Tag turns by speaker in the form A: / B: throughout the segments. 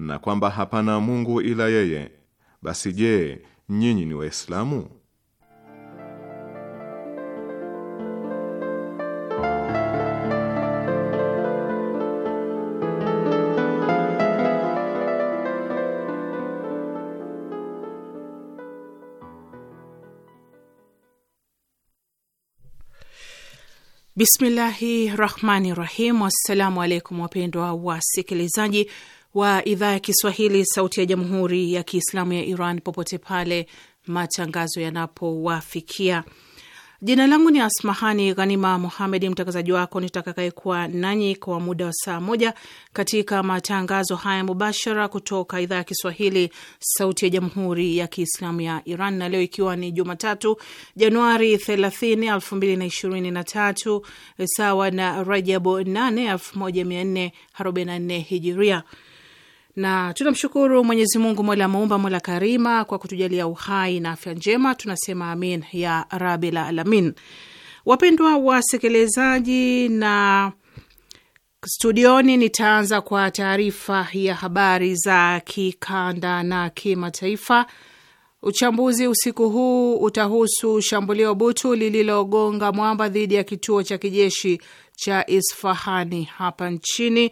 A: na kwamba hapana Mungu ila yeye, basi je, nyinyi ni Waislamu?
B: Bismillahi rahmani rahim. Assalamu alaikum wapendwa wasikilizaji wa idhaa ya Kiswahili, Sauti ya Jamhuri ya Kiislamu ya Iran, popote pale matangazo yanapowafikia. Jina langu ni Asmahani Ghanima Muhamedi, mtangazaji wako nitakakaekuwa nanyi kwa muda wa saa moja katika matangazo haya mubashara kutoka idhaa ya Kiswahili, Sauti ya Jamhuri ya Kiislamu ya Iran. Na leo ikiwa ni Jumatatu, Januari 30, 2023 sawa na Rajabu 8, 1444 Hijiria na tunamshukuru Mwenyezi Mungu mola muumba mola karima kwa kutujalia uhai na afya njema, tunasema amin ya rabil alamin. Wapendwa wasikilizaji, na studioni nitaanza kwa taarifa ya habari za kikanda na kimataifa. Uchambuzi usiku huu utahusu shambulio butu lililogonga mwamba dhidi ya kituo cha kijeshi cha Isfahani hapa nchini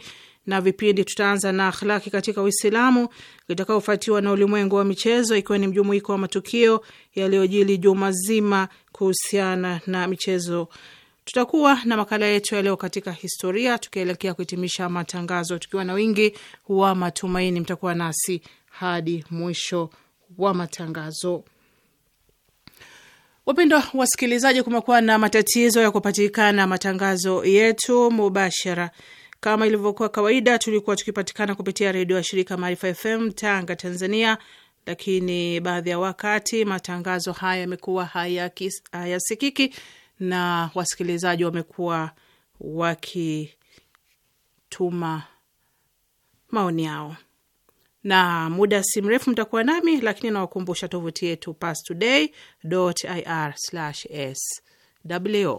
B: na vipindi tutaanza na akhlaki katika Uislamu kitakaofuatiwa na ulimwengu wa michezo, ikiwa ni mjumuiko wa matukio yaliyojili juma zima kuhusiana na michezo. Tutakuwa na makala yetu ya leo katika historia, tukielekea kuhitimisha matangazo tukiwa na wingi wa matumaini. Mtakuwa nasi hadi mwisho wa matangazo. Wapendwa wasikilizaji, kumekuwa na matatizo ya kupatikana matangazo yetu mubashara kama ilivyokuwa kawaida, tulikuwa tukipatikana kupitia redio ya shirika Maarifa FM Tanga, Tanzania, lakini baadhi ya wakati matangazo haya yamekuwa hayasikiki na wasikilizaji wamekuwa wakituma maoni yao, na muda si mrefu mtakuwa nami, lakini nawakumbusha tovuti yetu pastoday.ir/sw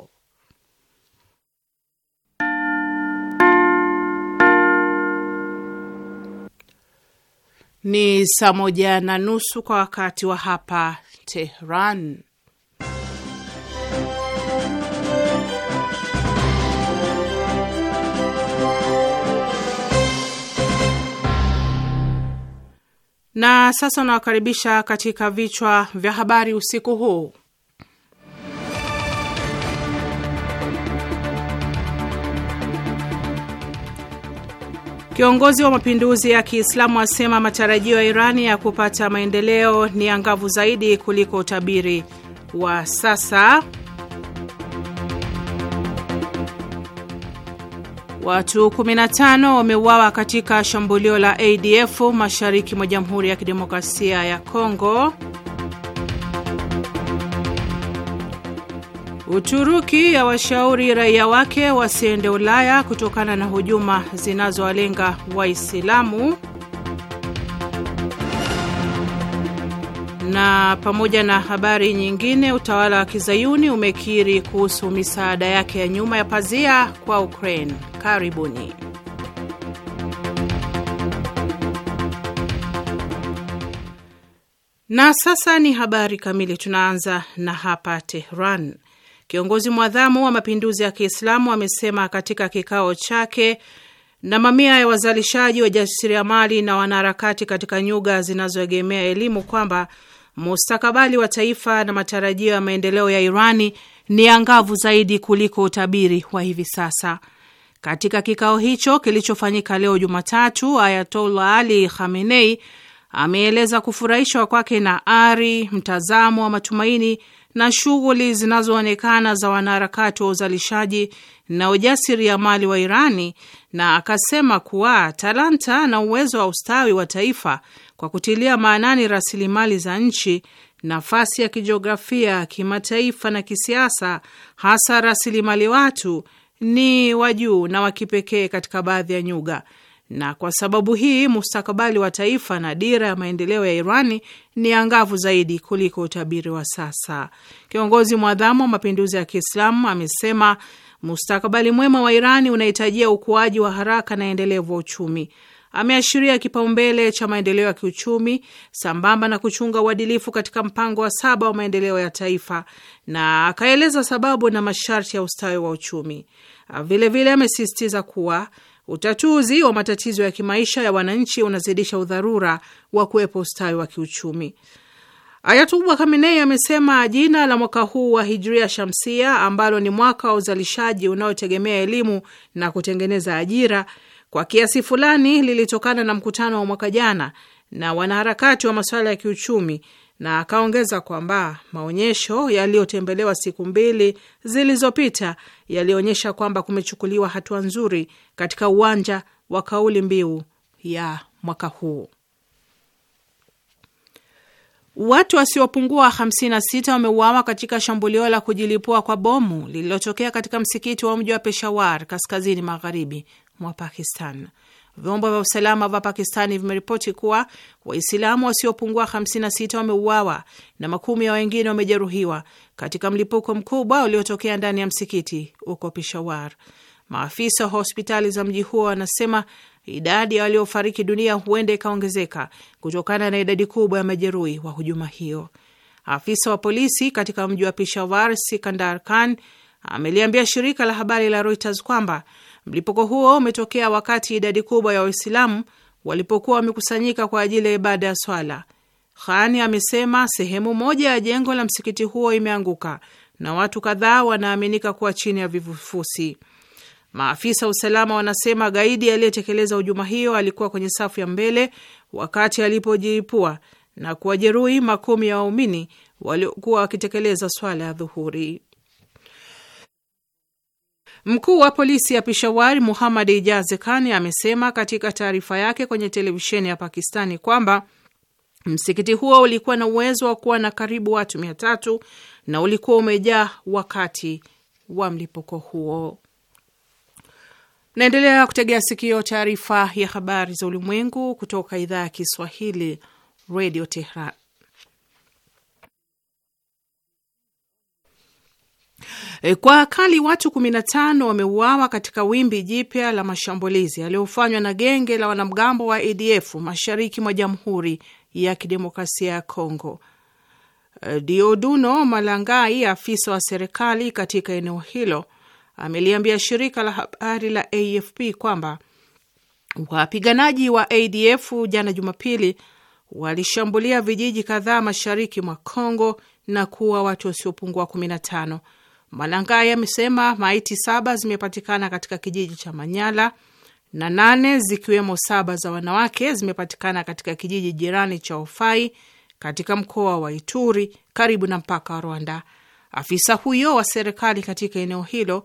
B: Ni saa moja na nusu kwa wakati wa hapa Tehran. Na sasa nawakaribisha katika vichwa vya habari usiku huu. Kiongozi wa mapinduzi ya Kiislamu asema matarajio ya Irani ya kupata maendeleo ni angavu zaidi kuliko utabiri wa sasa. Watu 15 wameuawa katika shambulio la ADF mashariki mwa Jamhuri ya Kidemokrasia ya Kongo. Uturuki ya washauri raia wake wasiende Ulaya kutokana na hujuma zinazowalenga Waislamu. Na pamoja na habari nyingine, utawala wa kizayuni umekiri kuhusu misaada yake ya nyuma ya pazia kwa Ukraine. Karibuni. Na sasa ni habari kamili. Tunaanza na hapa Tehran. Kiongozi mwadhamu wa mapinduzi ya Kiislamu amesema katika kikao chake na mamia ya wazalishaji wajasiriamali na wanaharakati katika nyuga zinazoegemea elimu kwamba mustakabali wa taifa na matarajio ya maendeleo ya Irani ni angavu zaidi kuliko utabiri wa hivi sasa. Katika kikao hicho kilichofanyika leo Jumatatu, Ayatollah Ali Khamenei ameeleza kufurahishwa kwake na ari, mtazamo wa matumaini na shughuli zinazoonekana za wanaharakati wa uzalishaji na ujasiri ya mali wa Irani, na akasema kuwa talanta na uwezo wa ustawi wa taifa kwa kutilia maanani rasilimali za nchi, nafasi ya kijiografia, kimataifa na kisiasa, hasa rasilimali watu, ni wa juu na wa kipekee katika baadhi ya nyuga na kwa sababu hii mustakabali wa taifa na dira ya maendeleo ya Irani ni angavu zaidi kuliko utabiri wa sasa. Kiongozi mwadhamu wa mapinduzi ya Kiislamu amesema mustakabali mwema wa Irani unahitajia ukuaji wa haraka na endelevu wa uchumi. Ameashiria kipaumbele cha maendeleo ya kiuchumi sambamba na kuchunga uadilifu katika mpango wa saba wa maendeleo ya taifa, na akaeleza sababu na masharti ya ustawi wa uchumi. Vilevile amesisitiza kuwa Utatuzi wa matatizo ya kimaisha ya wananchi unazidisha udharura wa kuwepo ustawi wa kiuchumi. ayatubwa Khamenei amesema jina la mwaka huu wa Hijria Shamsia, ambalo ni mwaka wa uzalishaji unaotegemea elimu na kutengeneza ajira, kwa kiasi fulani lilitokana na mkutano wa mwaka jana na wanaharakati wa masuala ya kiuchumi na akaongeza kwamba maonyesho yaliyotembelewa siku mbili zilizopita yalionyesha kwamba kumechukuliwa hatua nzuri katika uwanja wa kauli mbiu ya mwaka huu. Watu wasiopungua 56 wameuawa katika shambulio la kujilipua kwa bomu lililotokea katika msikiti wa mji wa Peshawar kaskazini magharibi mwa Pakistan. Vyombo vya usalama vya Pakistani vimeripoti kuwa Waislamu wasiopungua 56 wameuawa na makumi ya wengine wamejeruhiwa katika mlipuko mkubwa uliotokea ndani ya msikiti huko Peshawar. Maafisa wa hospitali za mji huo wanasema idadi ya waliofariki dunia huenda ikaongezeka kutokana na idadi kubwa ya majeruhi wa hujuma hiyo. Afisa wa polisi katika mji wa Peshawar, Sikandar Khan, ameliambia shirika la habari la Reuters kwamba Mlipuko huo umetokea wakati idadi kubwa ya Waislamu walipokuwa wamekusanyika kwa ajili ya ibada ya swala. Khani amesema sehemu moja ya jengo la msikiti huo imeanguka na watu kadhaa wanaaminika kuwa chini ya vifufusi. Maafisa wa usalama wanasema gaidi aliyetekeleza hujuma hiyo alikuwa kwenye safu ya mbele wakati alipojiipua na kuwajeruhi makumi ya waumini waliokuwa wakitekeleza swala ya dhuhuri. Mkuu wa polisi ya Peshawar Muhammad Ijaz Khan amesema katika taarifa yake kwenye televisheni ya Pakistani kwamba msikiti huo ulikuwa na uwezo wa kuwa na karibu watu mia tatu na ulikuwa umejaa wakati wa mlipuko huo. Naendelea kutegea sikio taarifa ya habari za ulimwengu kutoka idhaa ya Kiswahili, Radio Tehran. Eh, kwa akali watu 15 wameuawa katika wimbi jipya la mashambulizi yaliyofanywa na genge la wanamgambo wa ADF mashariki mwa Jamhuri ya Kidemokrasia ya Kongo. Eh, Dioduno Malangai, afisa wa serikali katika eneo hilo, ameliambia shirika la habari la AFP kwamba wapiganaji wa ADF jana Jumapili walishambulia vijiji kadhaa mashariki mwa Kongo na kuua watu wasiopungua 15. Malangai amesema maiti saba zimepatikana katika kijiji cha Manyala na nane zikiwemo saba za wanawake zimepatikana katika kijiji jirani cha Ofai katika mkoa wa Ituri karibu na mpaka wa Rwanda. Afisa huyo wa serikali katika eneo hilo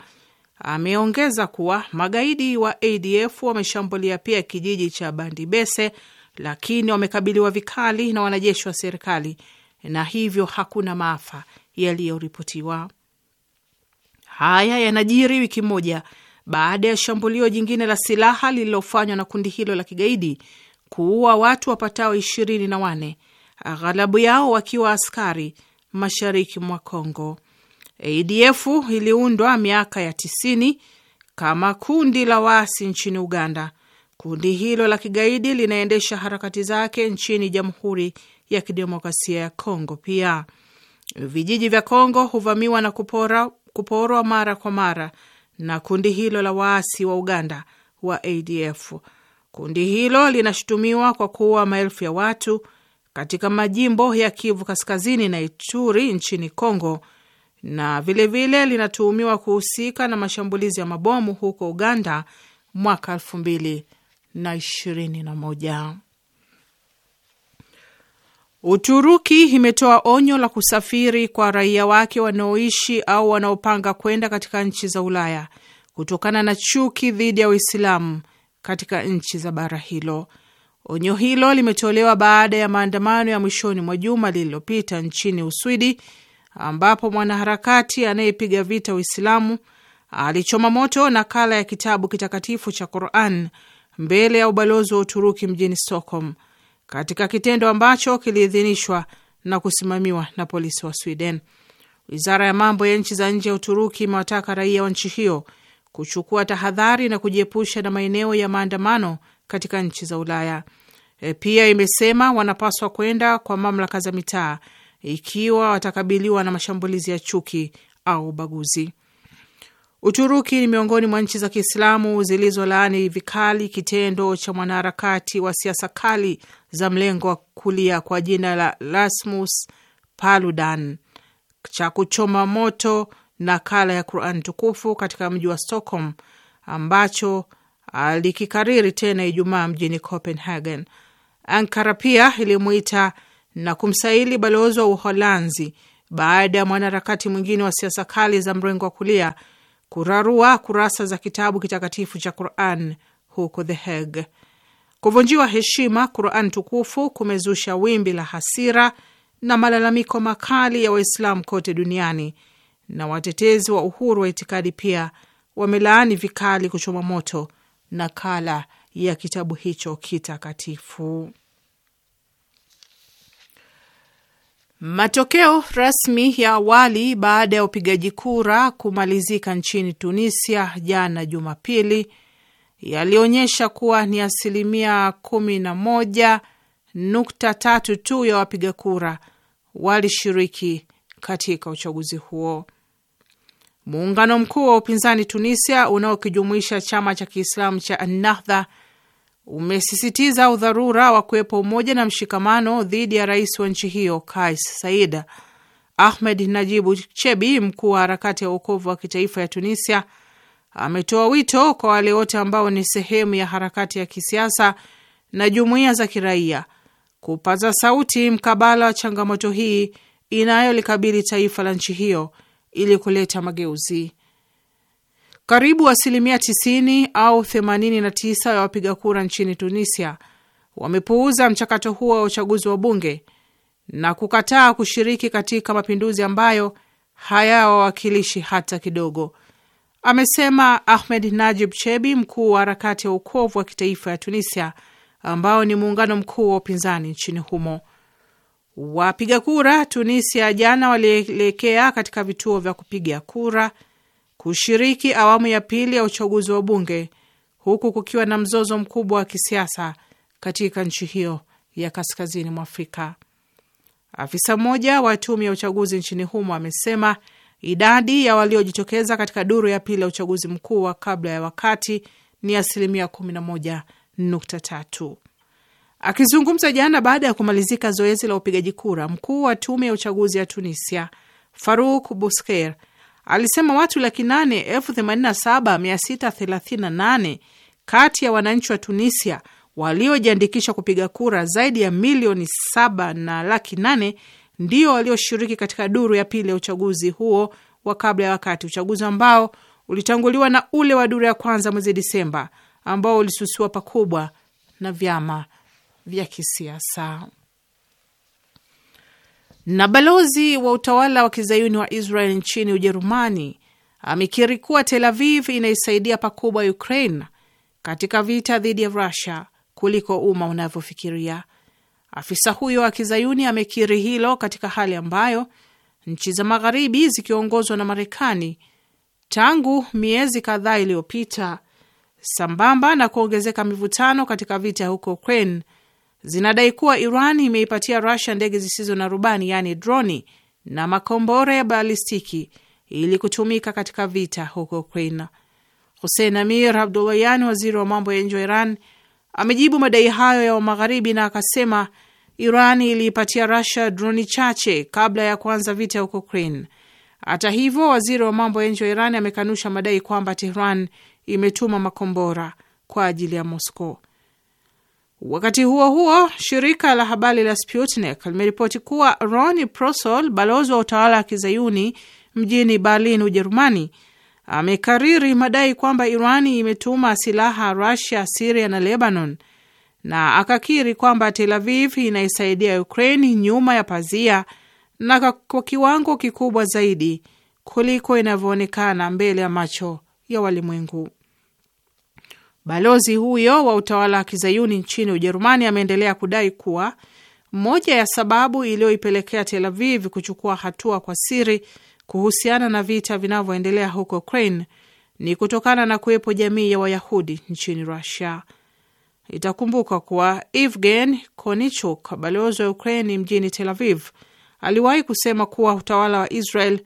B: ameongeza kuwa magaidi wa ADF wameshambulia pia kijiji cha Bandibese, lakini wamekabiliwa vikali na wanajeshi wa serikali na hivyo hakuna maafa yaliyoripotiwa. Haya yanajiri wiki moja baada ya shambulio jingine la silaha lililofanywa na kundi hilo la kigaidi kuua watu wapatao ishirini na wane, aghalabu yao wakiwa askari mashariki mwa congo ADF iliundwa miaka ya tisini kama kundi la waasi nchini Uganda. Kundi hilo la kigaidi linaendesha harakati zake nchini Jamhuri ya Kidemokrasia ya congo Pia vijiji vya congo huvamiwa na kupora kuporwa mara kwa mara na kundi hilo la waasi wa Uganda wa ADF. Kundi hilo linashutumiwa kwa kuua maelfu ya watu katika majimbo ya Kivu Kaskazini na Ituri nchini Kongo, na vilevile linatuhumiwa kuhusika na mashambulizi ya mabomu huko Uganda mwaka elfu mbili na ishirini na moja. Uturuki imetoa onyo la kusafiri kwa raia wake wanaoishi au wanaopanga kwenda katika nchi za Ulaya kutokana na chuki dhidi ya Uislamu katika nchi za bara hilo. Onyo hilo limetolewa baada ya maandamano ya mwishoni mwa juma lililopita nchini Uswidi, ambapo mwanaharakati anayepiga vita Uislamu alichoma moto nakala ya kitabu kitakatifu cha Quran mbele ya ubalozi wa Uturuki mjini Stockholm katika kitendo ambacho kiliidhinishwa na kusimamiwa na polisi wa Sweden. Wizara ya mambo ya nchi za nje ya Uturuki imewataka raia wa nchi hiyo kuchukua tahadhari na kujiepusha na maeneo ya maandamano katika nchi za Ulaya. E, pia imesema wanapaswa kwenda kwa mamlaka za mitaa ikiwa watakabiliwa na mashambulizi ya chuki au ubaguzi. Uturuki ni miongoni mwa nchi za Kiislamu zilizolaani vikali kitendo cha mwanaharakati wa siasa kali za mlengo wa kulia kwa jina la Rasmus Paludan cha kuchoma moto nakala ya Quran tukufu katika mji wa Stockholm ambacho alikikariri tena Ijumaa mjini Copenhagen. Ankara pia ilimuita na kumsaili balozi wa Uholanzi baada ya mwanaharakati mwingine wa siasa kali za mrengo wa kulia kurarua kurasa za kitabu kitakatifu cha Quran huko The Hague. Kuvunjiwa heshima Quran tukufu kumezusha wimbi la hasira na malalamiko makali ya Waislamu kote duniani, na watetezi wa uhuru wa itikadi pia wamelaani vikali kuchoma moto nakala ya kitabu hicho kitakatifu. Matokeo rasmi ya awali baada ya upigaji kura kumalizika nchini Tunisia jana Jumapili yalionyesha kuwa ni asilimia kumi na moja nukta tatu tu ya wapiga kura walishiriki katika uchaguzi huo. Muungano mkuu wa upinzani Tunisia unaokijumuisha chama cha Kiislamu cha Nahdha umesisitiza udharura wa kuwepo umoja na mshikamano dhidi ya rais wa nchi hiyo Kais Said. Ahmed Najibu Chebi, mkuu wa harakati ya uokovu wa kitaifa ya Tunisia, ametoa wito kwa wale wote ambao ni sehemu ya harakati ya kisiasa na jumuiya za kiraia kupaza sauti mkabala wa changamoto hii inayolikabili taifa la nchi hiyo ili kuleta mageuzi. Karibu asilimia 90 au 89 ya wapiga kura nchini Tunisia wamepuuza mchakato huo wa uchaguzi wa bunge na kukataa kushiriki katika mapinduzi ambayo hayawawakilishi hata kidogo, amesema Ahmed Najib Chebi, mkuu wa harakati ya ukovu wa kitaifa ya Tunisia, ambao ni muungano mkuu wa upinzani nchini humo. Wapiga kura Tunisia jana walielekea katika vituo vya kupiga kura kushiriki awamu ya pili ya uchaguzi wa bunge huku kukiwa na mzozo mkubwa wa kisiasa katika nchi hiyo ya kaskazini mwa Afrika. Afisa mmoja wa tume ya uchaguzi nchini humo amesema idadi ya waliojitokeza katika duru ya pili ya uchaguzi mkuu wa kabla ya wakati ni asilimia 11.3. Akizungumza jana baada ya kumalizika zoezi la upigaji kura, mkuu wa tume ya uchaguzi ya Tunisia Farouk Bousker alisema watu laki nane elfu themanini na saba mia sita thelathini na nane kati ya wananchi wa Tunisia waliojiandikisha kupiga kura zaidi ya milioni saba na laki nane ndio walioshiriki katika duru ya pili ya uchaguzi huo wa kabla ya wakati, uchaguzi ambao ulitanguliwa na ule wa duru ya kwanza mwezi Disemba ambao ulisusiwa pakubwa na vyama vya kisiasa. Na balozi wa utawala wa kizayuni wa Israel nchini Ujerumani amekiri kuwa Tel Aviv inaisaidia pakubwa Ukraine katika vita dhidi ya Rusia kuliko umma unavyofikiria. Afisa huyo wa kizayuni amekiri hilo katika hali ambayo nchi za magharibi zikiongozwa na Marekani tangu miezi kadhaa iliyopita, sambamba na kuongezeka mivutano katika vita huko Ukraine zinadai kuwa Iran imeipatia Rusia ndege zisizo na rubani yaani droni na makombora ya balistiki ili kutumika katika vita huko Ukraina. husein Amir Abdulayan, waziri wa mambo ya nje wa Iran, amejibu madai hayo ya Wamagharibi na akasema Iran iliipatia Rusia droni chache kabla ya kuanza vita huko Ukraine. Hata hivyo, waziri wa mambo ya nje wa Iran amekanusha madai kwamba Tehran imetuma makombora kwa ajili ya Moscow. Wakati huo huo, shirika la habari la Sputnik limeripoti kuwa Ron Prosol, balozi wa utawala wa kizayuni mjini Berlin, Ujerumani, amekariri madai kwamba Irani imetuma silaha Rusia, Siria na Lebanon, na akakiri kwamba Tel Aviv inaisaidia Ukraini nyuma ya pazia na kwa kiwango kikubwa zaidi kuliko inavyoonekana mbele ya macho ya walimwengu. Balozi huyo wa utawala wa kizayuni nchini Ujerumani ameendelea kudai kuwa moja ya sababu iliyoipelekea Tel Aviv kuchukua hatua kwa siri kuhusiana na vita vinavyoendelea huko Ukraine ni kutokana na kuwepo jamii ya Wayahudi nchini Russia. Itakumbuka kuwa Evgen Konichuk, balozi wa Ukraini mjini Tel Aviv, aliwahi kusema kuwa utawala wa Israel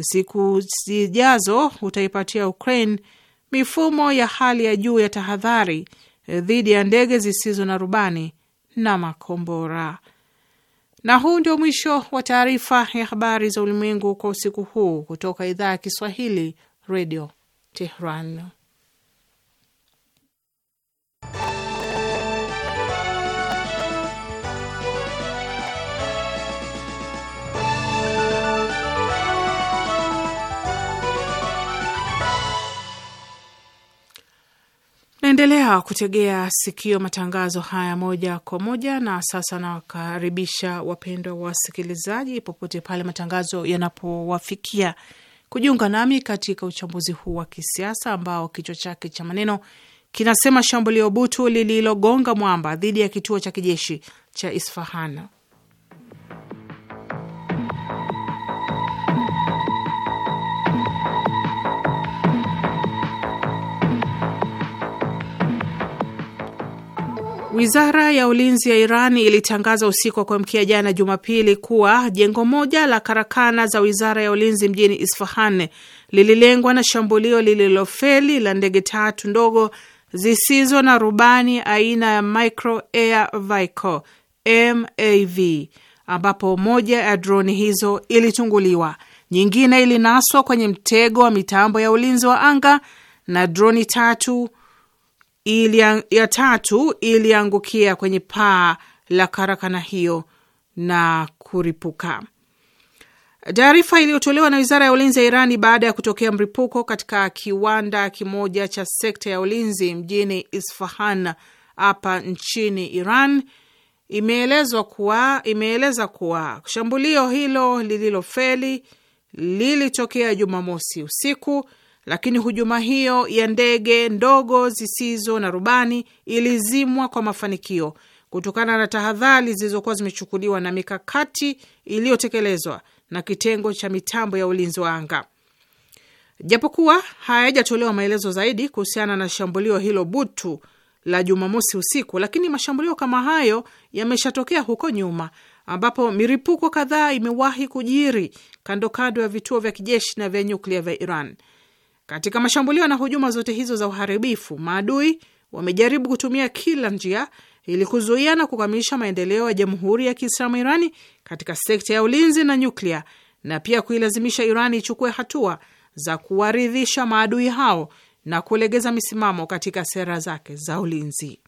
B: siku zijazo utaipatia Ukraine mifumo ya hali ya juu ya tahadhari eh, dhidi ya ndege zisizo na rubani na makombora. Na huu ndio mwisho wa taarifa ya habari za ulimwengu kwa usiku huu kutoka idhaa ya Kiswahili, Redio Tehran. Naendelea kutegea sikio matangazo haya moja kwa moja, na sasa nawakaribisha wapendwa wasikilizaji, popote pale matangazo yanapowafikia, kujiunga nami katika uchambuzi huu wa kisiasa ambao kichwa chake cha maneno kinasema shambulio butu lililogonga mwamba dhidi ya kituo cha kijeshi cha Isfahan. Wizara ya ulinzi ya Iran ilitangaza usiku wa kuamkia jana Jumapili kuwa jengo moja la karakana za wizara ya ulinzi mjini Isfahan lililengwa na shambulio lililofeli la ndege tatu ndogo zisizo na rubani aina ya micro air vehicle MAV, ambapo moja ya droni hizo ilitunguliwa, nyingine ilinaswa kwenye mtego wa mitambo ya ulinzi wa anga na droni tatu ili ya tatu iliangukia kwenye paa la karakana hiyo na kuripuka. Taarifa iliyotolewa na wizara ya ulinzi ya Irani baada ya kutokea mripuko katika kiwanda kimoja cha sekta ya ulinzi mjini Isfahan hapa nchini Iran imeelezwa kuwa imeeleza kuwa shambulio hilo lililofeli lilitokea Jumamosi usiku lakini hujuma hiyo ya ndege ndogo zisizo na rubani ilizimwa kwa mafanikio kutokana na tahadhari zilizokuwa zimechukuliwa na mikakati iliyotekelezwa na kitengo cha mitambo ya ulinzi wa anga. Japokuwa hayajatolewa maelezo zaidi kuhusiana na shambulio hilo butu la Jumamosi usiku, lakini mashambulio kama hayo yameshatokea huko nyuma, ambapo miripuko kadhaa imewahi kujiri kando kando ya vituo vya kijeshi na vya nyuklia vya Iran. Katika mashambulio na hujuma zote hizo za uharibifu, maadui wamejaribu kutumia kila njia ili kuzuia na kukamilisha maendeleo ya Jamhuri ya Kiislamu Irani katika sekta ya ulinzi na nyuklia, na pia kuilazimisha Irani ichukue hatua za kuwaridhisha maadui hao na kulegeza misimamo katika sera zake za ulinzi.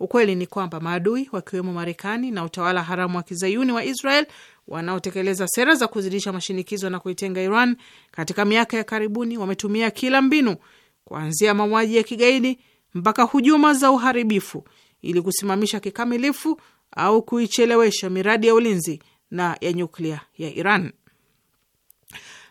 B: Ukweli ni kwamba maadui wakiwemo Marekani na utawala haramu wa kizayuni wa Israel wanaotekeleza sera za kuzidisha mashinikizo na kuitenga Iran katika miaka ya karibuni wametumia kila mbinu, kuanzia mauaji ya kigaidi mpaka hujuma za uharibifu, ili kusimamisha kikamilifu au kuichelewesha miradi ya ulinzi na ya nyuklia ya Iran.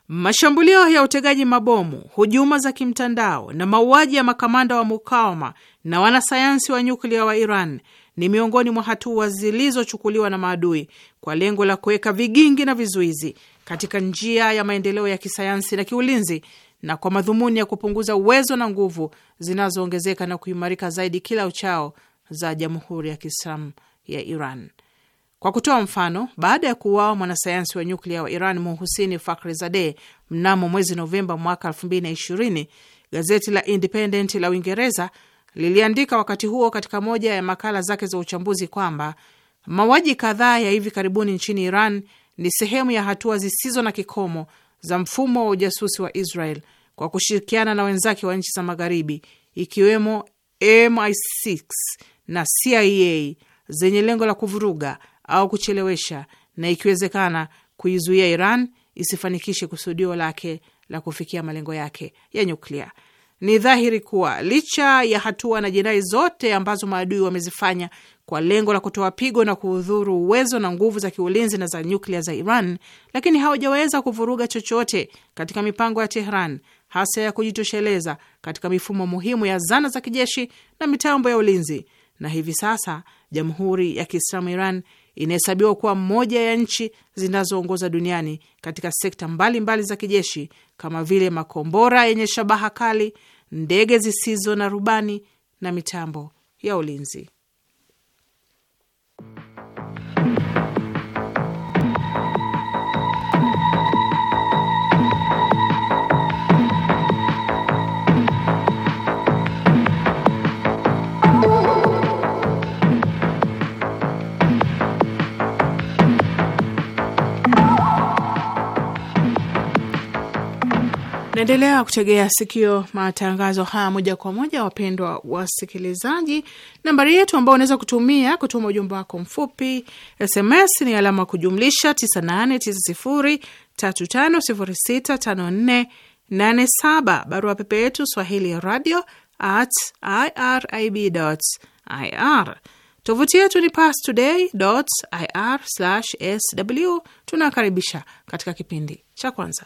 B: Mashambulio ya utegaji mabomu, hujuma za kimtandao na mauaji ya makamanda wa mukawama na wanasayansi wa nyuklia wa Iran ni miongoni mwa hatua zilizochukuliwa na maadui kwa lengo la kuweka vigingi na vizuizi katika njia ya maendeleo ya kisayansi na kiulinzi na kwa madhumuni ya kupunguza uwezo na nguvu zinazoongezeka na kuimarika zaidi kila uchao za Jamhuri ya Kiislamu ya Iran. Kwa kutoa mfano, baada ya kuuawa mwanasayansi wa nyuklia wa Iran Mohusini Fakhrizadeh mnamo mwezi Novemba mwaka 2020, gazeti la Independent la Uingereza liliandika wakati huo katika moja ya makala zake za uchambuzi kwamba mauaji kadhaa ya hivi karibuni nchini Iran ni sehemu ya hatua zisizo na kikomo za mfumo wa ujasusi wa Israel kwa kushirikiana na wenzake wa nchi za Magharibi, ikiwemo MI6 na CIA zenye lengo la kuvuruga au kuchelewesha na ikiwezekana kuizuia Iran isifanikishe kusudio lake la kufikia malengo yake ya nyuklia. Ni dhahiri kuwa licha ya hatua na jinai zote ambazo maadui wamezifanya kwa lengo la kutoa pigo na kuudhuru uwezo na nguvu za kiulinzi na za nyuklia za Iran, lakini hawajaweza kuvuruga chochote katika mipango ya Tehran, hasa ya kujitosheleza katika mifumo muhimu ya zana za kijeshi na mitambo ya ulinzi. Na hivi sasa Jamhuri ya Kiislamu Iran inahesabiwa kuwa moja ya nchi zinazoongoza duniani katika sekta mbalimbali mbali za kijeshi kama vile makombora yenye shabaha kali, ndege zisizo na rubani na mitambo ya ulinzi. Naendelea kutegea sikio matangazo haya moja kwa moja, wapendwa wasikilizaji. Nambari yetu ambao unaweza kutumia kutuma ujumbe wako mfupi SMS ni alama kujumlisha 989035065487. Barua pepe yetu swahili radio at irib ir. Tovuti yetu ni pastoday ir sw. Tunakaribisha katika kipindi cha kwanza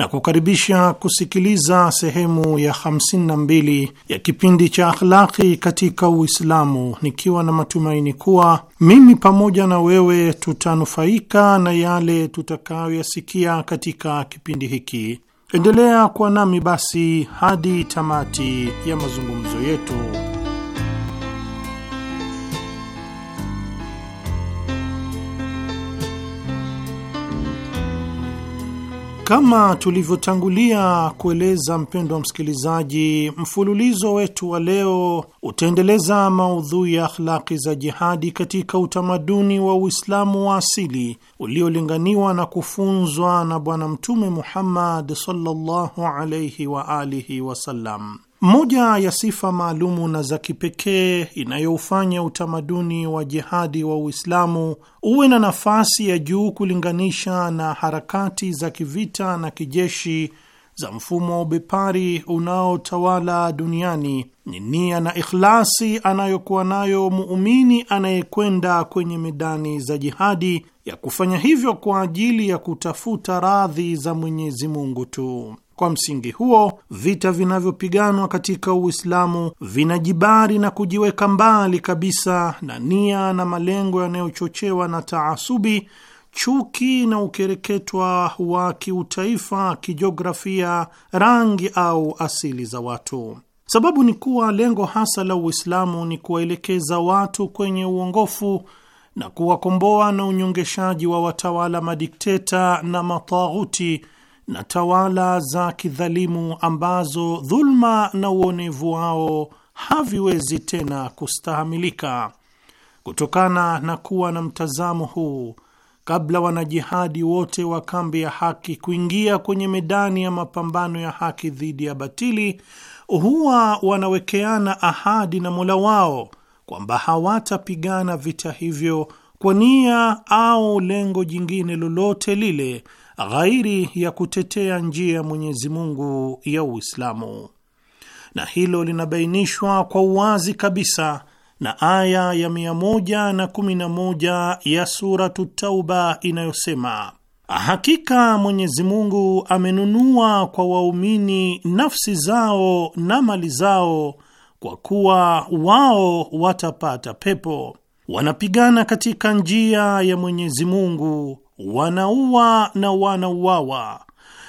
A: na kukaribisha kusikiliza sehemu ya 52 ya kipindi cha Akhlaqi katika Uislamu, nikiwa na matumaini kuwa mimi pamoja na wewe tutanufaika na yale tutakayoyasikia katika kipindi hiki. Endelea kuwa nami basi hadi tamati ya mazungumzo yetu. Kama tulivyotangulia kueleza, mpendwa msikilizaji, mfululizo wetu wa leo utaendeleza maudhui ya akhlaki za jihadi katika utamaduni wa Uislamu wa asili uliolinganiwa na kufunzwa na Bwana Mtume Muhammad sallallahu alaihi wa alihi wasallam. Moja ya sifa maalumu na za kipekee inayoufanya utamaduni wa jihadi wa Uislamu uwe na nafasi ya juu kulinganisha na harakati za kivita na kijeshi za mfumo wa ubepari unaotawala duniani ni nia na ikhlasi anayokuwa nayo muumini anayekwenda kwenye medani za jihadi, ya kufanya hivyo kwa ajili ya kutafuta radhi za Mwenyezi Mungu tu. Kwa msingi huo, vita vinavyopiganwa katika Uislamu vinajibari na kujiweka mbali kabisa na nia na malengo yanayochochewa na taasubi, chuki na ukereketwa wa kiutaifa, kijiografia, rangi au asili za watu. Sababu ni kuwa lengo hasa la Uislamu ni kuwaelekeza watu kwenye uongofu na kuwakomboa na unyongeshaji wa watawala madikteta na mataghuti na tawala za kidhalimu ambazo dhulma na uonevu wao haviwezi tena kustahamilika. Kutokana na kuwa na mtazamo huu, kabla wanajihadi wote wa kambi ya haki kuingia kwenye medani ya mapambano ya haki dhidi ya batili, huwa wanawekeana ahadi na Mola wao kwamba hawatapigana vita hivyo kwa nia au lengo jingine lolote lile ghairi ya kutetea njia ya Mwenyezi Mungu ya Uislamu, na hilo linabainishwa kwa uwazi kabisa na aya ya 111 ya Suratu Tauba inayosema Hakika Mwenyezi Mungu amenunua kwa waumini nafsi zao na mali zao, kwa kuwa wao watapata pepo. Wanapigana katika njia ya Mwenyezi Mungu, wanaua na wanauawa.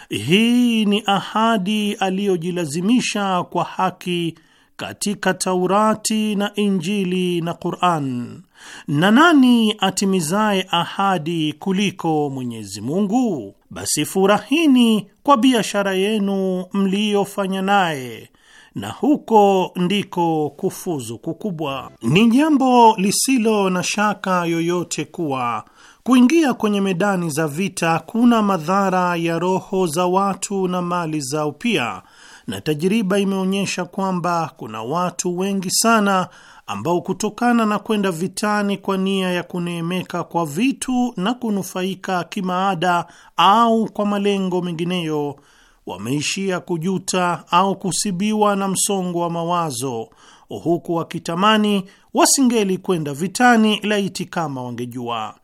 A: Hii ni ahadi aliyojilazimisha kwa haki katika Taurati na Injili na Qur'an. Na nani atimizaye ahadi kuliko Mwenyezi Mungu? Basi furahini kwa biashara yenu mliyofanya naye na huko ndiko kufuzu kukubwa. Ni jambo lisilo na shaka yoyote kuwa Kuingia kwenye medani za vita kuna madhara ya roho za watu na mali zao pia, na tajiriba imeonyesha kwamba kuna watu wengi sana ambao kutokana na kwenda vitani kwa nia ya kuneemeka kwa vitu na kunufaika kimaada au kwa malengo mengineyo, wameishia kujuta au kusibiwa na msongo wa mawazo, huku wakitamani wasingeli kwenda vitani, laiti kama wangejua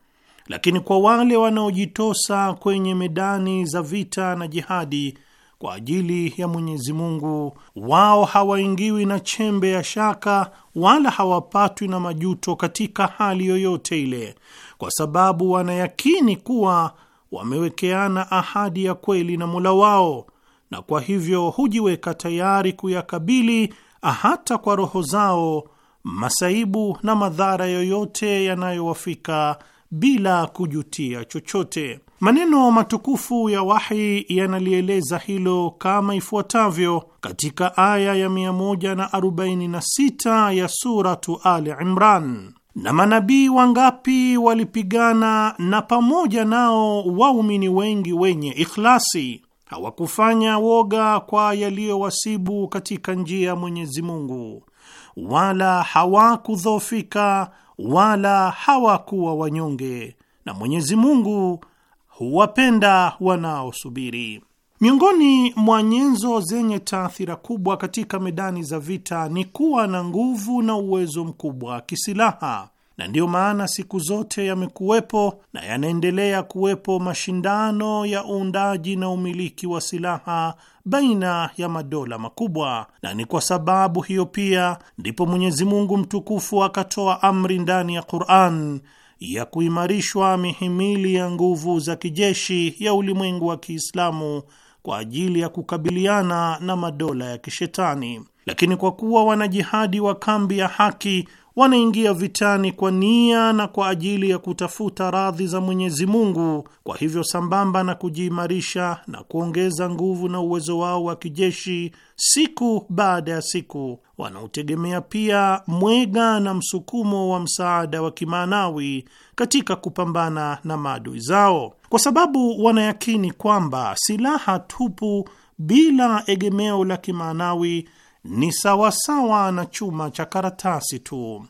A: lakini kwa wale wanaojitosa kwenye medani za vita na jihadi kwa ajili ya Mwenyezi Mungu, wao hawaingiwi na chembe ya shaka wala hawapatwi na majuto katika hali yoyote ile, kwa sababu wanayakini kuwa wamewekeana ahadi ya kweli na Mola wao, na kwa hivyo hujiweka tayari kuyakabili hata kwa roho zao masaibu na madhara yoyote yanayowafika bila kujutia chochote. Maneno matukufu ya wahi yanalieleza hilo kama ifuatavyo katika aya ya 146 ya Suratu al Imran: na manabii wangapi walipigana na pamoja nao waumini wengi wenye ikhlasi, hawakufanya woga kwa yaliyowasibu katika njia ya Mwenyezi Mungu, wala hawakudhoofika wala hawakuwa wanyonge, na Mwenyezi Mungu huwapenda wanaosubiri. Miongoni mwa nyenzo zenye taathira kubwa katika medani za vita ni kuwa na nguvu na uwezo mkubwa kisilaha, na ndiyo maana siku zote yamekuwepo na yanaendelea kuwepo mashindano ya uundaji na umiliki wa silaha baina ya madola makubwa, na ni kwa sababu hiyo pia ndipo Mwenyezi Mungu mtukufu akatoa amri ndani ya Qur'an ya kuimarishwa mihimili ya nguvu za kijeshi ya ulimwengu wa Kiislamu kwa ajili ya kukabiliana na madola ya kishetani. Lakini kwa kuwa wanajihadi wa kambi ya haki wanaingia vitani kwa nia na kwa ajili ya kutafuta radhi za Mwenyezi Mungu. Kwa hivyo, sambamba na kujiimarisha na kuongeza nguvu na uwezo wao wa kijeshi siku baada ya siku, wanaotegemea pia mwega na msukumo wa msaada wa kimaanawi katika kupambana na maadui zao, kwa sababu wanayakini kwamba silaha tupu bila egemeo la kimaanawi ni sawasawa na chuma cha karatasi tu,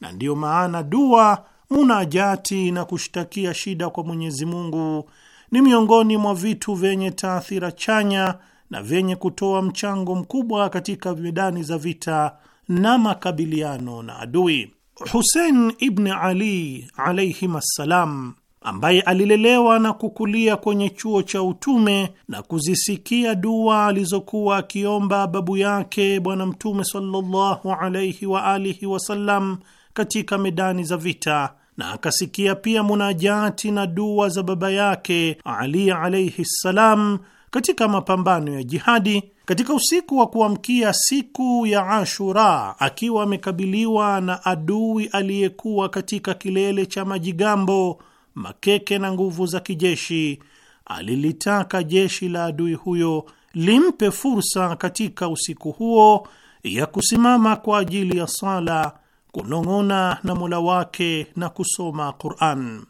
A: na ndiyo maana dua, munajati na kushtakia shida kwa Mwenyezi Mungu ni miongoni mwa vitu vyenye taathira chanya na vyenye kutoa mchango mkubwa katika medani za vita na makabiliano na adui. Husein ibn Ali alaihim assalam ambaye alilelewa na kukulia kwenye chuo cha utume na kuzisikia dua alizokuwa akiomba babu yake Bwana Mtume sallallahu alaihi wa alihi wasallam katika medani za vita, na akasikia pia munajati na dua za baba yake Ali alaihi ssalam katika mapambano ya jihadi. Katika usiku wa kuamkia siku ya Ashura, akiwa amekabiliwa na adui aliyekuwa katika kilele cha majigambo makeke na nguvu za kijeshi, alilitaka jeshi la adui huyo limpe fursa katika usiku huo ya kusimama kwa ajili ya sala, kunong'ona na Mola wake na kusoma Qur'an.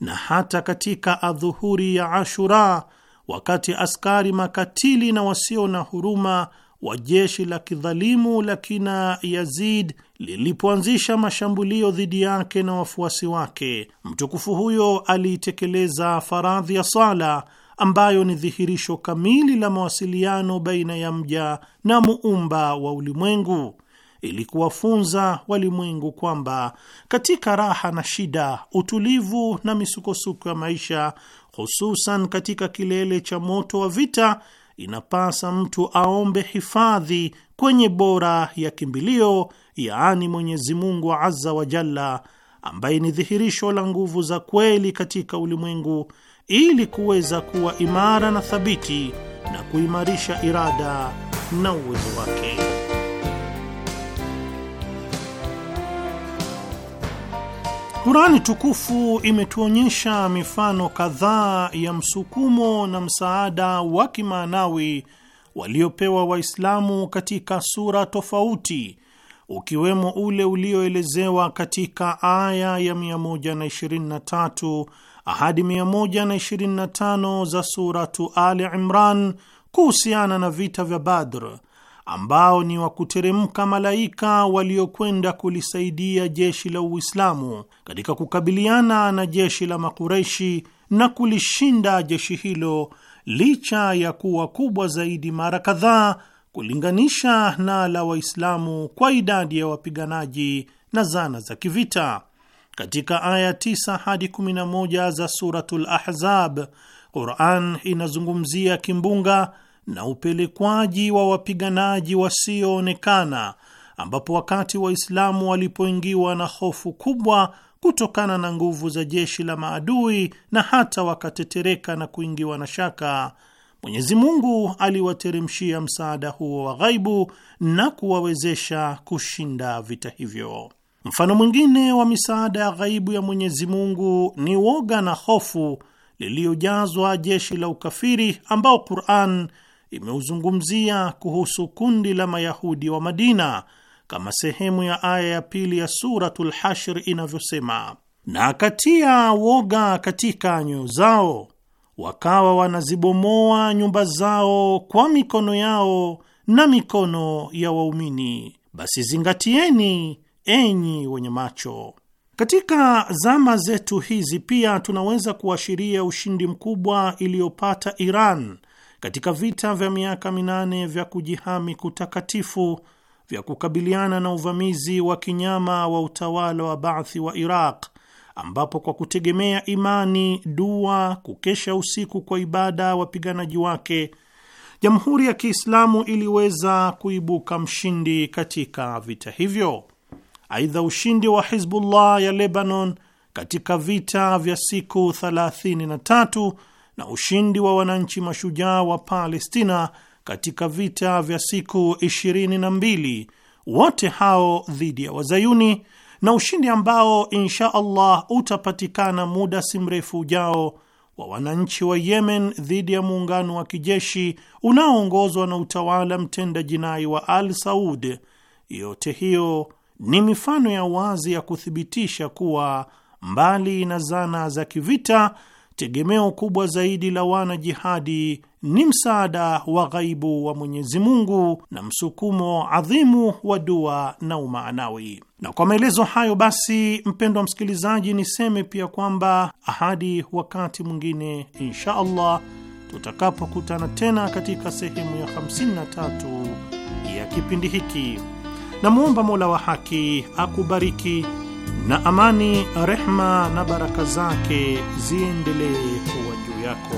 A: Na hata katika adhuhuri ya Ashura, wakati askari makatili na wasio na huruma wa jeshi la kidhalimu la kina Yazid lilipoanzisha mashambulio dhidi yake na wafuasi wake, mtukufu huyo aliitekeleza faradhi ya sala ambayo ni dhihirisho kamili la mawasiliano baina ya mja na muumba wa ulimwengu ili kuwafunza walimwengu kwamba katika raha na shida, utulivu na misukosuko ya maisha, hususan katika kilele cha moto wa vita inapasa mtu aombe hifadhi kwenye bora ya kimbilio, yaani Mwenyezi Mungu Azza wa Jalla, ambaye ni dhihirisho la nguvu za kweli katika ulimwengu, ili kuweza kuwa imara na thabiti na kuimarisha irada na uwezo wake. Kurani tukufu imetuonyesha mifano kadhaa ya msukumo na msaada wa kimaanawi waliopewa Waislamu katika sura tofauti, ukiwemo ule ulioelezewa katika aya ya 123 hadi 125 za Suratu Ali Imran kuhusiana na vita vya Badr ambao ni wa kuteremka malaika waliokwenda kulisaidia jeshi la Uislamu katika kukabiliana na jeshi la Makureishi na kulishinda jeshi hilo licha ya kuwa kubwa zaidi mara kadhaa kulinganisha na la Waislamu kwa idadi ya wapiganaji na zana za kivita. Katika aya 9 hadi 11 za Suratul Ahzab, Quran inazungumzia kimbunga na upelekwaji wa wapiganaji wasioonekana, ambapo wakati Waislamu walipoingiwa na hofu kubwa kutokana na nguvu za jeshi la maadui na hata wakatetereka na kuingiwa na shaka, Mwenyezi Mungu aliwateremshia msaada huo wa ghaibu na kuwawezesha kushinda vita hivyo. Mfano mwingine wa misaada ya ghaibu ya Mwenyezi Mungu ni woga na hofu liliyojazwa jeshi la ukafiri ambao Qur'an imeuzungumzia kuhusu kundi la Mayahudi wa Madina kama sehemu ya aya ya pili ya Suratul Hashr inavyosema, na akatia woga katika nyoyo zao, wakawa wanazibomoa nyumba zao kwa mikono yao na mikono ya waumini. Basi zingatieni, enyi wenye macho. Katika zama zetu hizi pia tunaweza kuashiria ushindi mkubwa iliyopata Iran katika vita vya miaka minane vya kujihami kutakatifu vya kukabiliana na uvamizi wa kinyama wa utawala wa Baathi wa Iraq, ambapo kwa kutegemea imani, dua, kukesha usiku kwa ibada wapiganaji wake, Jamhuri ya Kiislamu iliweza kuibuka mshindi katika vita hivyo. Aidha, ushindi wa Hizbullah ya Lebanon katika vita vya siku 33 na ushindi wa wananchi mashujaa wa Palestina katika vita vya siku 22 wote hao dhidi ya Wazayuni, na ushindi ambao insha Allah utapatikana muda si mrefu ujao wa wananchi wa Yemen dhidi ya muungano wa kijeshi unaoongozwa na utawala mtenda jinai wa Al Saud. Yote hiyo ni mifano ya wazi ya kuthibitisha kuwa mbali na zana za kivita tegemeo kubwa zaidi la wanajihadi ni msaada wa ghaibu wa Mwenyezi Mungu na msukumo adhimu wa dua na umaanawi. Na kwa maelezo hayo basi, mpendwa msikilizaji, niseme pia kwamba ahadi, wakati mwingine insha Allah tutakapokutana tena katika sehemu ya 53 ya kipindi hiki. Namwomba Mola wa haki akubariki na amani, rehma na baraka zake ziendelee kuwa juu yako.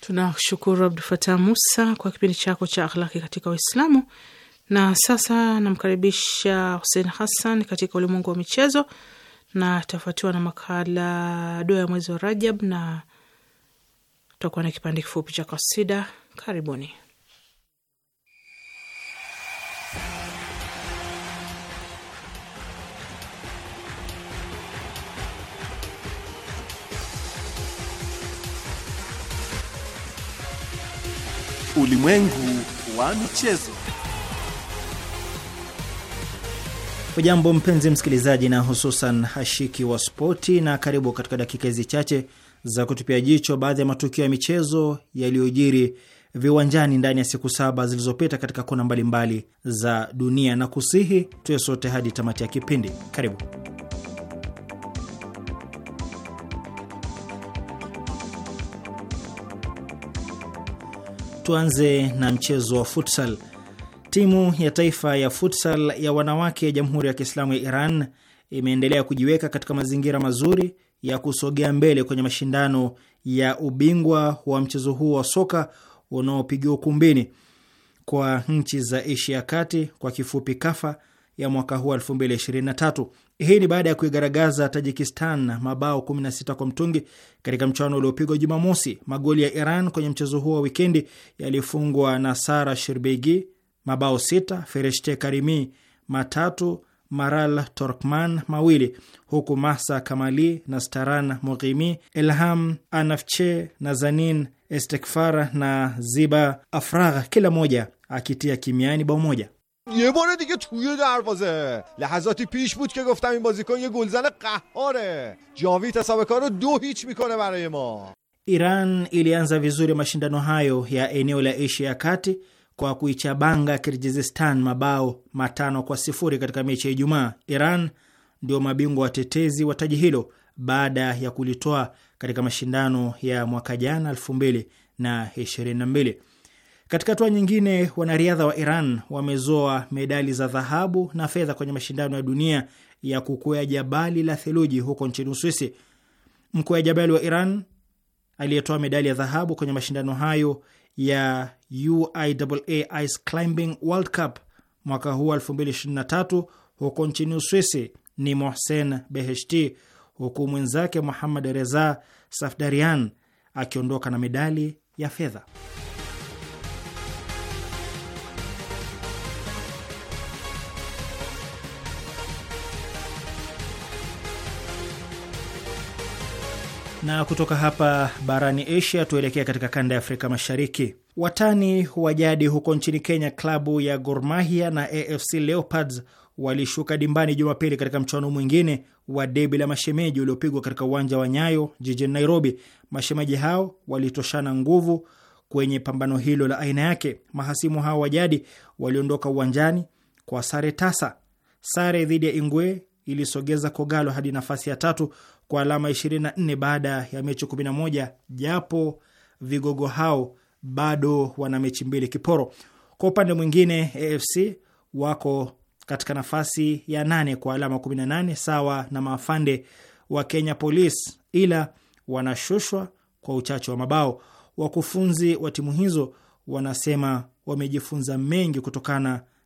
B: Tunashukuru Abdu Fatah Musa kwa kipindi chako cha akhlaki katika Uislamu. Na sasa namkaribisha Husein Hassan katika ulimwengu wa michezo, na tafuatiwa na makala dua ya mwezi wa Rajab, na tutakuwa na kipande kifupi cha kasida. Karibuni.
A: Ulimwengu wa michezo.
C: Hujambo mpenzi msikilizaji, na hususan hashiki wa spoti, na karibu katika dakika hizi chache za kutupia jicho baadhi ya matukio ya michezo yaliyojiri viwanjani ndani ya siku saba zilizopita katika kona mbalimbali za dunia, na kusihi tuwe sote hadi tamati ya kipindi. Karibu. Tuanze na mchezo wa futsal. Timu ya taifa ya futsal ya wanawake ya Jamhuri ya Kiislamu ya Iran imeendelea kujiweka katika mazingira mazuri ya kusogea mbele kwenye mashindano ya ubingwa wa mchezo huo wa soka unaopigiwa ukumbini kwa nchi za Asia ya Kati, kwa kifupi KAFA, ya mwaka huu 2023. Hii ni baada ya kuigaragaza Tajikistan mabao 16 kwa mtungi katika mchuano uliopigwa Jumamosi. Magoli ya Iran kwenye mchezo huo wa wikendi yalifungwa na Sara Shirbegi mabao sita Fereshte Karimi matatu, Maral Torkman mawili, huku Mahsa Kamali na Staran Mughimi, Elham Anafche na Zanin Estekfar na Ziba Afragh kila moja akitia kimiani bao moja.
A: یه بار دیگه توی دروازه
C: لحظاتی پیش بود که گفتم این بازیکن یه گلزن قهاره جاوی تسابقا رو دو هیچ میکنه برای ما Iran ilianza vizuri mashindano hayo ya eneo la Asia ya Kati kwa kuichabanga Kirgizistan mabao matano kwa sifuri katika mechi ya Ijumaa. Iran ndio mabingwa watetezi wa taji hilo baada ya kulitoa katika mashindano ya mwaka jana 2022. Katika hatua nyingine, wanariadha wa Iran wamezoa medali za dhahabu na fedha kwenye mashindano ya dunia ya kukwea jabali la theluji huko nchini Uswisi. Mkwea jabali wa Iran aliyetoa medali ya dhahabu kwenye mashindano hayo ya UIAA Ice Climbing World Cup mwaka huu 2023 huko nchini Uswisi ni Mohsen Beheshti, huku mwenzake Muhammad Reza Safdarian akiondoka na medali ya fedha. Na kutoka hapa barani Asia tuelekea katika kanda ya Afrika Mashariki. Watani wa jadi huko nchini Kenya, klabu ya Gor Mahia na AFC Leopards walishuka dimbani Jumapili katika mchuano mwingine wa debi la mashemeji uliopigwa katika uwanja wa Nyayo jijini Nairobi. Mashemeji hao walitoshana nguvu kwenye pambano hilo la aina yake. Mahasimu hao wa jadi waliondoka uwanjani kwa sare tasa. Sare dhidi ya Ingwe ilisogeza Kogalo hadi nafasi ya tatu kwa alama 24 baada ya mechi 11, japo vigogo hao bado wana mechi mbili kiporo. Kwa upande mwingine, AFC wako katika nafasi ya nane kwa alama 18 sawa na maafande wa Kenya Police, ila wanashushwa kwa uchache wa mabao. Wakufunzi wa timu hizo wanasema wamejifunza mengi kutokana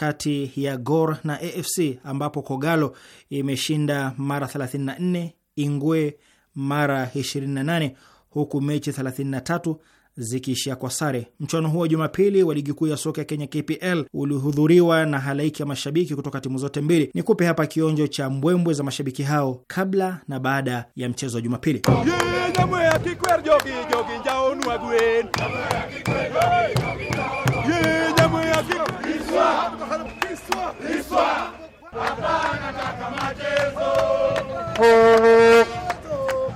C: kati ya Gor na AFC ambapo Kogalo imeshinda mara 34, Ingwe mara 28, huku mechi 33 zikiishia kwa sare. Mchuano huo wa Jumapili wa ligi kuu ya soka ya Kenya, KPL, ulihudhuriwa na halaiki ya mashabiki kutoka timu zote mbili. Ni kupe hapa kionjo cha mbwembwe za mashabiki hao kabla na baada ya mchezo wa Jumapili rushwa,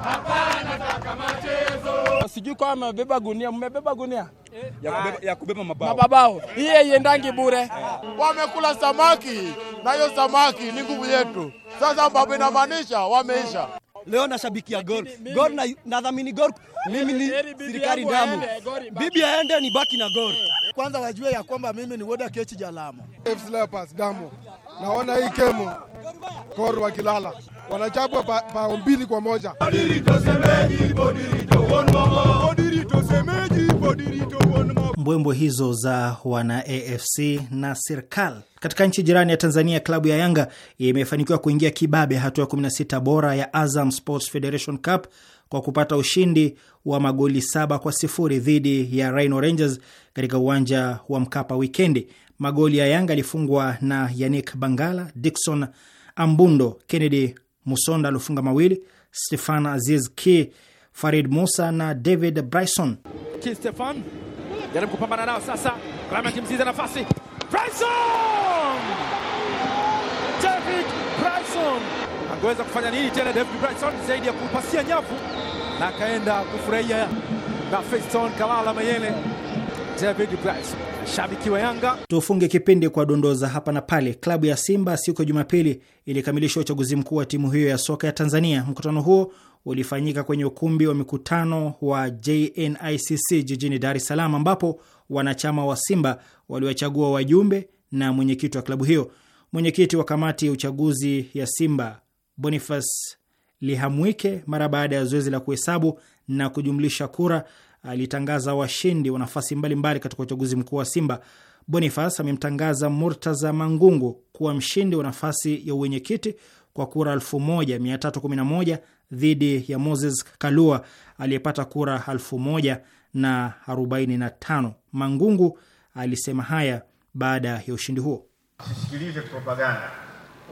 C: hapana taka Sijui kwa amebeba gunia, mmebeba gunia ya kubeba mabao mababao hiye yendangi bure. Wamekula samaki na hiyo samaki ni nguvu yetu. Sasa baba, inamaanisha wameisha leo nashabikia Gor. Gor nadhamini Gor, mimi ni serikali damu, bibi aende ni baki na Gor. Eh, eh. Kwanza wajue ya kwamba mimi ni Woda Kechi Jalamo, Leopards damu naona hii kemo koru wakilala wanachapwa bao pa, mbili kwa moja. Mbwembwe hizo za wana AFC na serikali katika nchi jirani ya Tanzania, klabu ya Yanga imefanikiwa kuingia kibabe hatua ya 16 bora ya Azam Sports Federation Cup kwa kupata ushindi wa magoli saba kwa sifuri dhidi ya Rhino Rangers katika uwanja wa Mkapa wikendi. Magoli ya Yanga yalifungwa na Yannick Bangala, Dickson Ambundo, Kennedy Musonda aliofunga mawili, Stefan Aziz K, Farid Musa na David Bryson. Stefan jaribu kupambana nao sasa, Rahma akimziza nafasi, Bryson! David Bryson angeweza kufanya nini tena David Bryson zaidi ya kupasia nyavu, na akaenda kufurahia na Feston Kalala Mayele. David Braz, shabiki wa Yanga. Tufunge kipindi kwa dondoza hapa na pale. Klabu ya Simba siku ya Jumapili ilikamilisha uchaguzi mkuu wa timu hiyo ya soka ya Tanzania. Mkutano huo ulifanyika kwenye ukumbi wa mikutano wa JNICC jijini Dar es Salaam, ambapo wanachama wa Simba waliwachagua wajumbe na mwenyekiti wa klabu hiyo. Mwenyekiti wa kamati ya uchaguzi ya Simba Boniface Lihamwike, mara baada ya zoezi la kuhesabu na kujumlisha kura alitangaza washindi wa nafasi mbalimbali katika uchaguzi mkuu wa Simba. Bonifas amemtangaza Murtaza Mangungu kuwa mshindi wa nafasi ya uwenyekiti kwa kura 1311 dhidi ya Moses Kalua aliyepata kura 1045. Mangungu alisema haya baada ya ushindi huo. sisikilize propaganda,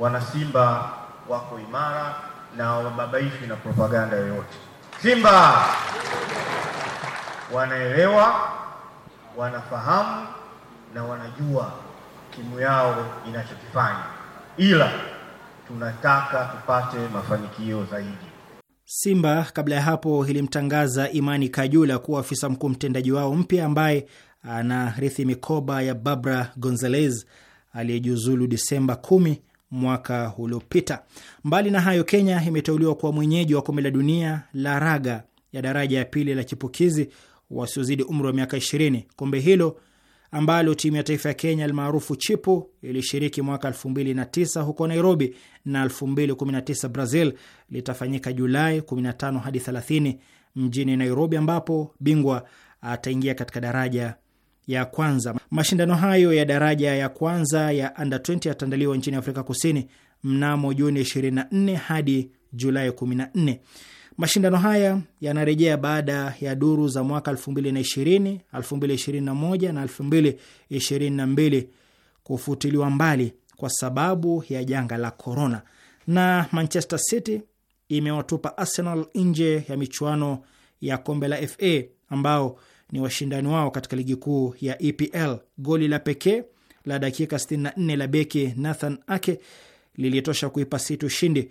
C: wanasimba wako imara na wababaishwi na propaganda yoyote. Simba wanaelewa, wanafahamu na wanajua timu yao inachokifanya, ila tunataka tupate mafanikio zaidi. Simba kabla ya hapo ilimtangaza Imani Kajula kuwa afisa mkuu mtendaji wao mpya ambaye anarithi mikoba ya Barbara Gonzalez aliyejiuzulu Disemba 10 mwaka uliopita. Mbali na hayo, Kenya imeteuliwa kuwa mwenyeji wa kombe la dunia la raga ya daraja ya pili la chipukizi wasiozidi umri wa miaka 20. Kombe hilo ambalo timu ya taifa ya Kenya almaarufu Chipu ilishiriki mwaka 2009 huko Nairobi na 2019 Brazil litafanyika Julai 15 hadi 30 mjini Nairobi, ambapo bingwa ataingia katika daraja ya kwanza. Mashindano hayo ya daraja ya kwanza ya under 20 yataandaliwa nchini Afrika Kusini mnamo Juni 24 hadi Julai 14. Mashindano haya yanarejea baada ya duru za mwaka 2020, 2021 na 2022 kufutiliwa mbali kwa sababu ya janga la corona, na Manchester City imewatupa Arsenal nje ya michuano ya kombe la FA ambao ni washindani wao katika ligi kuu ya EPL. Goli la pekee la dakika 64 la beki Nathan Ake lilitosha kuipa City ushindi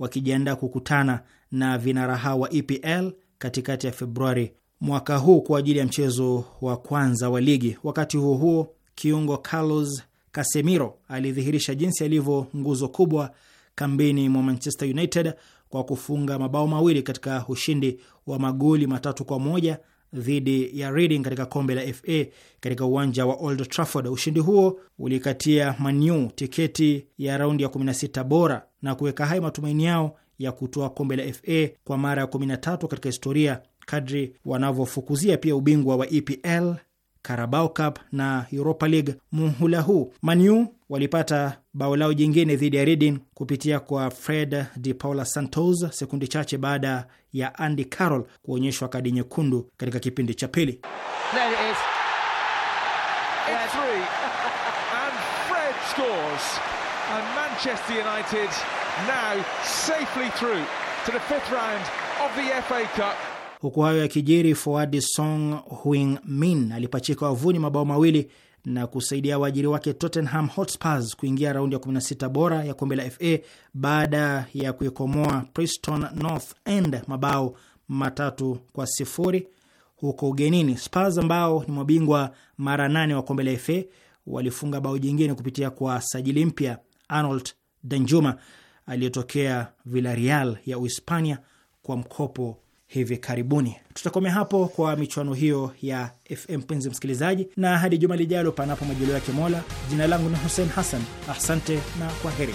C: wakijiandaa kukutana na vinara hao wa EPL katikati ya Februari mwaka huu kwa ajili ya mchezo wa kwanza wa ligi. Wakati huo huo, kiungo Carlos Casemiro alidhihirisha jinsi alivyo nguzo kubwa kambini mwa Manchester United kwa kufunga mabao mawili katika ushindi wa magoli matatu kwa moja dhidi ya Reading katika kombe la FA katika uwanja wa Old Trafford. Ushindi huo ulikatia Manu tiketi ya raundi ya 16 bora na kuweka hai matumaini yao ya kutoa kombe la FA kwa mara ya 13 katika historia, kadri wanavyofukuzia pia ubingwa wa EPL Carabao Cup na Europa League muhula huu. Manu walipata bao lao jingine dhidi ya Reading kupitia kwa Fred de Paula Santos sekundi chache baada ya Andy Carroll kuonyeshwa kadi nyekundu katika kipindi cha pili. Huku hayo yakijiri, Fuadi Song Huing Min alipachika wavuni mabao mawili na kusaidia waajiri wake Tottenham Hotspurs kuingia raundi ya 16 bora ya kombe la FA baada ya kuikomoa Preston North End mabao matatu kwa sifuri huko ugenini. Spurs ambao ni mabingwa mara nane wa kombe la FA walifunga bao jingine kupitia kwa sajili mpya Arnold Danjuma aliyetokea Villarreal ya Uhispania kwa mkopo hivi karibuni. Tutakomea hapo kwa michuano hiyo ya FM, mpenzi msikilizaji, na hadi juma lijalo, panapo majaliwa yake Mola. Jina langu ni Hussein Hassan, asante na kwa heri.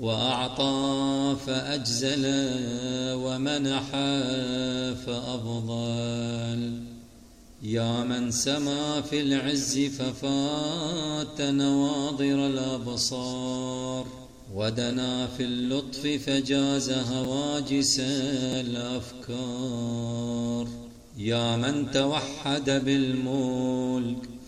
D: وأعطى فأجزل ومنح فأفضل يا من سما في العز ففات نواضر الأبصار ودنا في اللطف فجاز هواجس الأفكار يا من توحد بالملك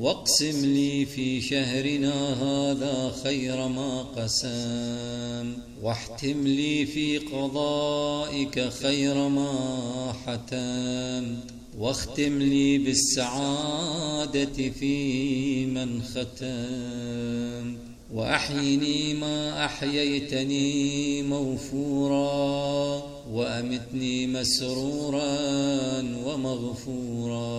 D: واقسم لي في شهرنا هذا خير ما قسم واحتم لي في قضائك خير ما حتم واختم لي بالسعادة في من ختم وأحيني ما أحييتني موفورا وأمتني مسرورا ومغفورا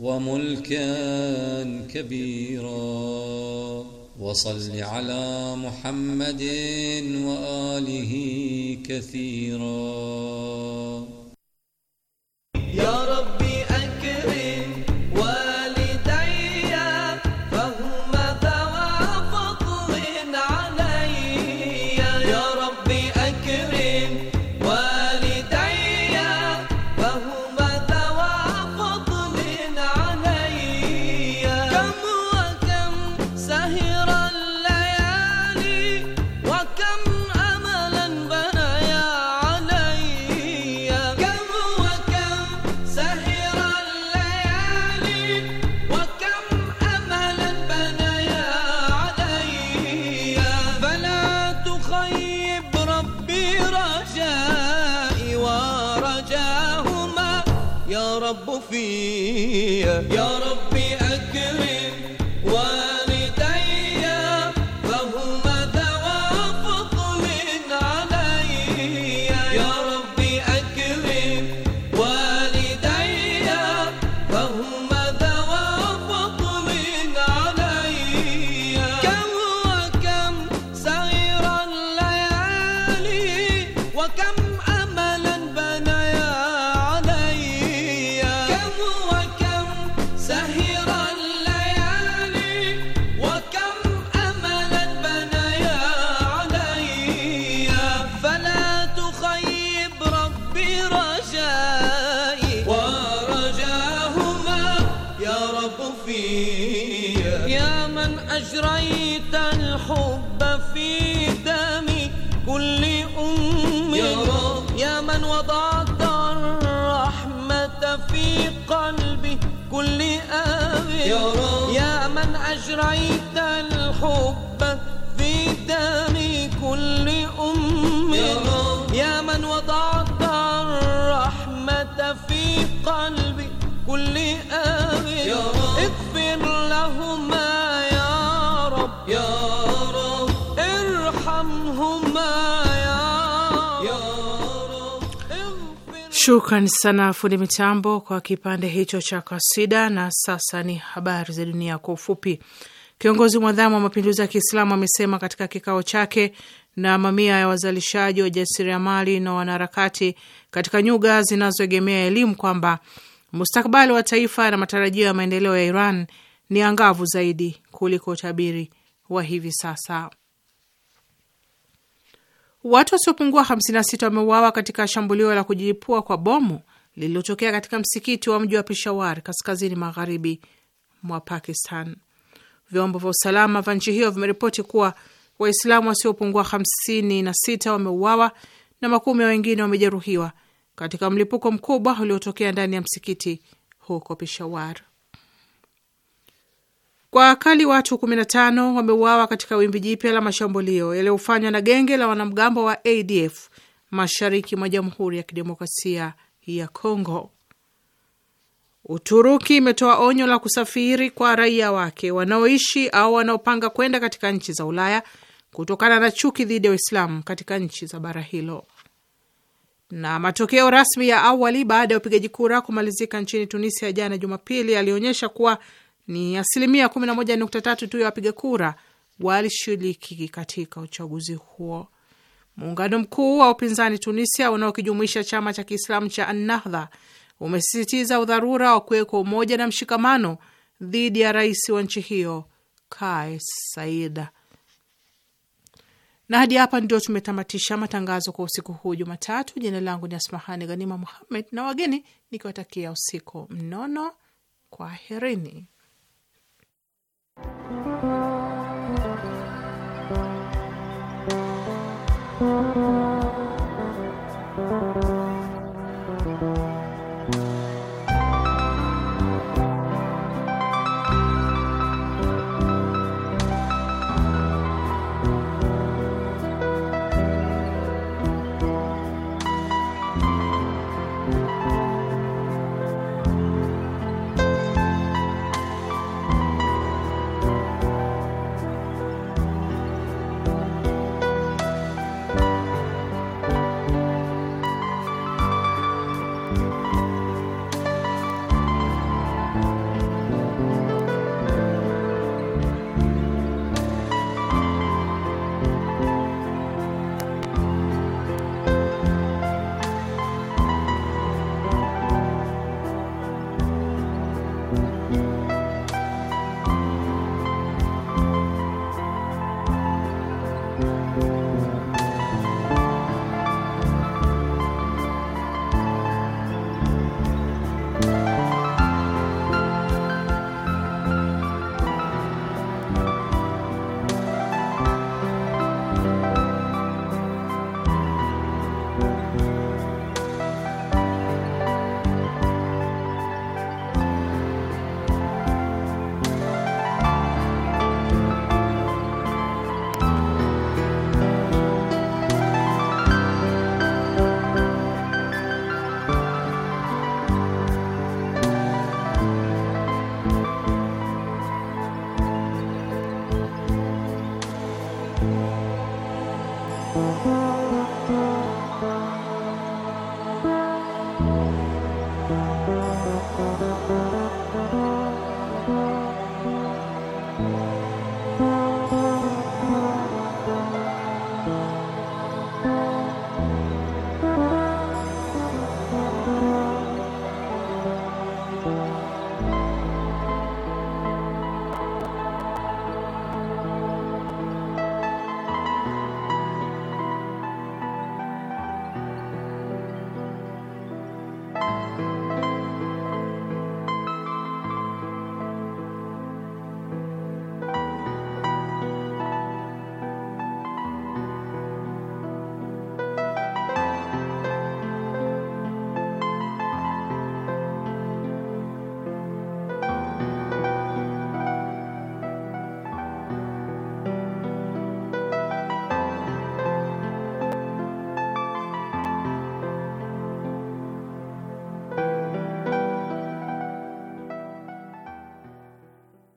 D: وملكا كبيرا وصل على محمد وآله
E: كثيرا يا من أجرين
B: Shukran sana fundi mitambo kwa kipande hicho cha kasida. Na sasa ni habari za dunia kwa ufupi. Kiongozi mwadhamu wa mapinduzi ya Kiislamu amesema katika kikao chake na mamia ya wazalishaji wajasiriamali na wanaharakati katika nyuga zinazoegemea elimu kwamba mustakbali wa taifa na matarajio ya maendeleo ya Iran ni angavu zaidi kuliko utabiri wa hivi sasa. Watu wasiopungua 56 wameuawa katika shambulio la kujilipua kwa bomu lililotokea katika msikiti wa mji wa Peshawar kaskazini magharibi mwa Pakistan. Vyombo vya usalama vya nchi hiyo vimeripoti kuwa Waislamu wasiopungua 56 wameuawa na makumi ya wengine wamejeruhiwa katika mlipuko mkubwa uliotokea ndani ya msikiti huko Peshawar. Kwa akali watu 15 wameuawa katika wimbi jipya la mashambulio yaliyofanywa na genge la wanamgambo wa ADF mashariki mwa Jamhuri ya Kidemokrasia ya Kongo. Uturuki imetoa onyo la kusafiri kwa raia wake wanaoishi au wanaopanga kwenda katika nchi za Ulaya kutokana na chuki dhidi ya Uislamu katika nchi za bara hilo. Na matokeo rasmi ya awali baada ya upigaji kura kumalizika nchini Tunisia jana Jumapili yalionyesha kuwa ni asilimia kumi na moja nukta tatu tu ya wapiga kura walishiriki katika uchaguzi huo. Muungano mkuu wa upinzani Tunisia unaokijumuisha chama cha Kiislamu cha Annahdha umesisitiza udharura wa kuwekwa umoja na mshikamano dhidi ya rais wa nchi hiyo Kais Saida. Na hadi hapa ndio tumetamatisha matangazo kwa usiku huu Jumatatu. Jina langu ni Asmahani Ghanima Muhammed na wageni nikiwatakia usiku mnono, kwaherini. Thank you.